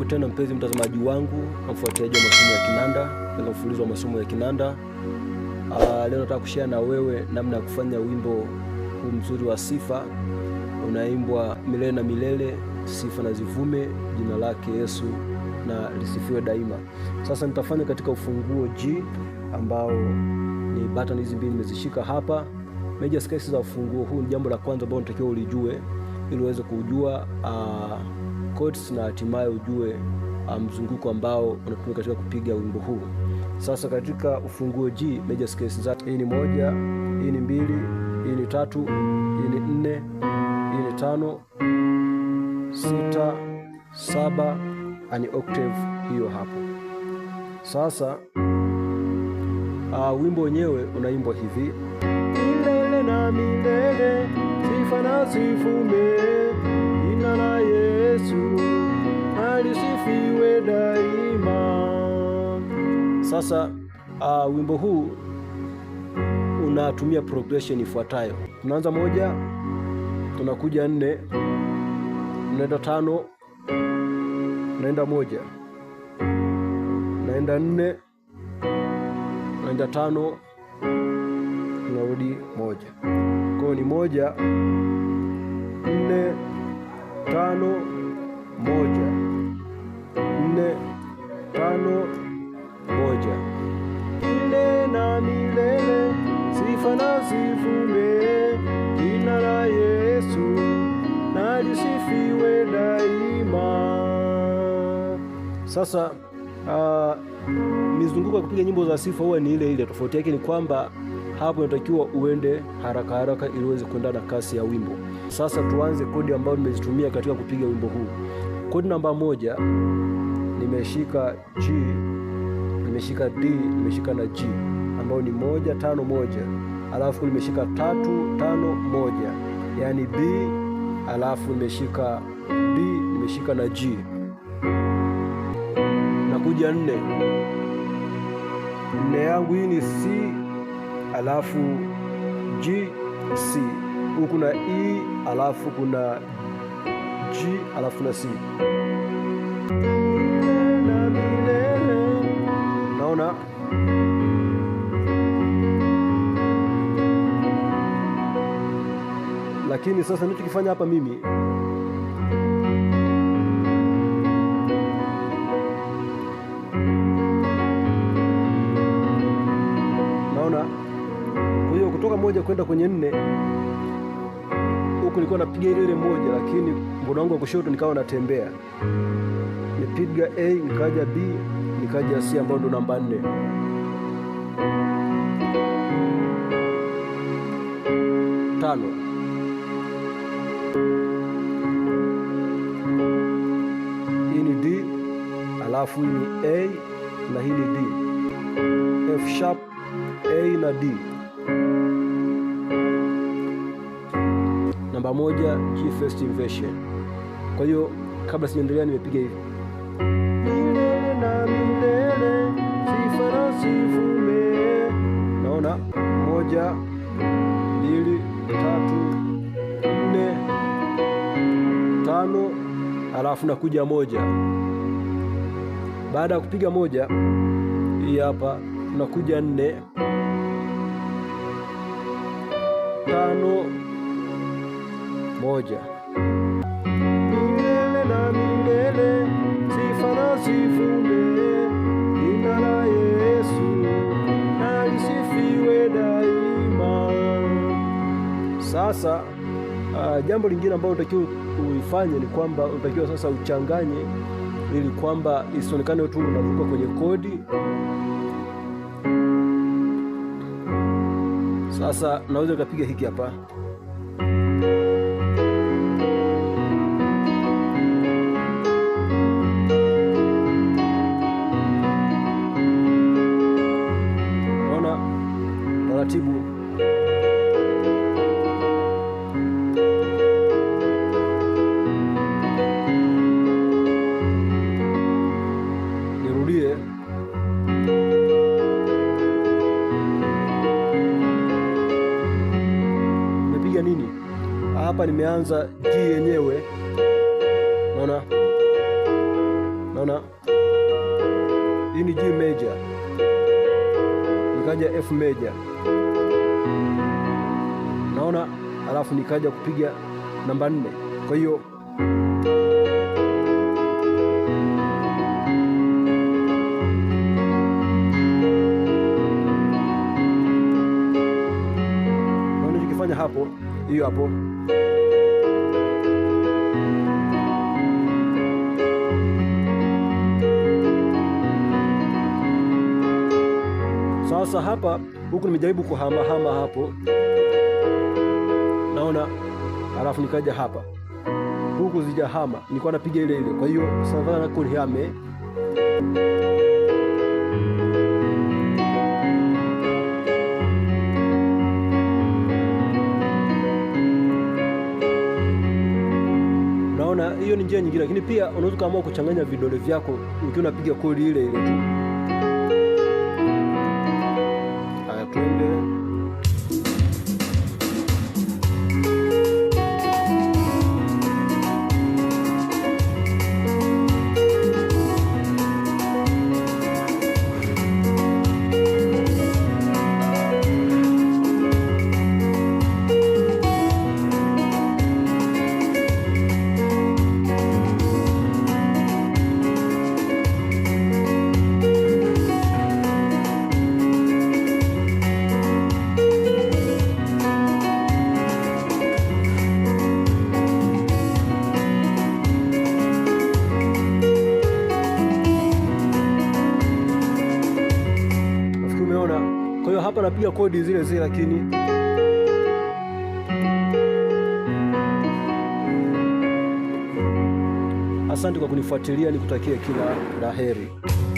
Karibu tena mpenzi mtazamaji wangu na mfuatiliaji wa masomo ya kinanda na mfululizo wa masomo ya kinanda. Uh, leo nataka kushare na wewe namna ya kufanya wimbo huu mzuri wa sifa unaimbwa milele na milele, sifa na zivume jina lake Yesu na lisifiwe daima. Sasa nitafanya katika ufunguo G ambao ni button hizi mbili nimezishika hapa. Major scales za ufunguo huu ni jambo la kwanza ambalo unatakiwa ulijue ili uweze kujua uh, ah, chords na hatimaye ujue ah, mzunguko ambao unatumika katika kupiga wimbo huu. Sasa katika ufunguo G major scales zake, hii ni moja, hii ni mbili, hii ni tatu, hii ni nne, hii ni tano, sita, saba, ani octave hiyo hapo. Sasa uh, wimbo wenyewe unaimbwa hivi milele na milele fanasifume jina la Yesu alisifiwe daima. Sasa uh, wimbo huu unatumia progression ifuatayo. Tunaanza moja, tunakuja nne, tunaenda tano, naenda moja, naenda nne, naenda tano rodi moja. Kwa hiyo ni moja nne tano moja nne tano moja nne na milele sifa na sifume jina la Yesu na daima. Sasa uh, ah, mizunguko ya kupiga nyimbo za sifa huwa ni ile ile, tofauti yake ni kwamba hapo inatakiwa uende haraka haraka ili uweze kuenda na kasi ya wimbo. Sasa tuanze kodi ambayo nimezitumia katika kupiga wimbo huu. Kodi namba moja nimeshika G, nimeshika D, nimeshika na G ambayo ni moja tano moja, alafu nimeshika tatu tano moja, yaani B, alafu nimeshika D, nimeshika na G na kuja nne. Nne yangu hii ni C alafu G C huku na E alafu kuna G alafu na C. Naona lakini sasa kifanya hapa mimi naona kutoka moja kwenda kwenye nne huku nilikuwa napiga ile ile moja, lakini mkono wangu wa kushoto nikawa natembea, nipiga A nikaja B nikaja C ambayo ndo namba nne. Tano hii ni D, alafu hii ni A na hii ni D, F sharp A na D. namba moja G First Invasion. Kwa hiyo kabla sijaendelea, nimepiga hivi milele na milele, sifa na sifa Naona moja, mbili, tatu, nne, tano, halafu nakuja moja. Baada ya kupiga moja hii hapa, nakuja nne, tano moja. na milele sifa na sifunde, jina la Yesu na daima. Sasa uh, jambo lingine ambalo unatakiwa uifanye ni kwamba unatakiwa sasa uchanganye ili kwamba isionekane tu unaruka kwenye kodi. Sasa naweza kapiga hiki hapa. imeanza G yenyewe, naona naona, hii ni G major, nikaja F major, naona, alafu nikaja kupiga namba nne. Kwa hiyo naona hapo, hiyo hapo Sasa hapa huku nimejaribu kuhamahama hapo, naona alafu nikaja hapa, huku zijahama, nilikuwa napiga ile ile. Kwa hiyo savana kulihame hiyo ni njia nyingine, lakini pia unaweza ukaamua kuchanganya vidole vyako ukiwa unapiga kodi ile ile tu. tunapiga kodi zile zile, lakini asante kwa kunifuatilia, nikutakie kila la heri.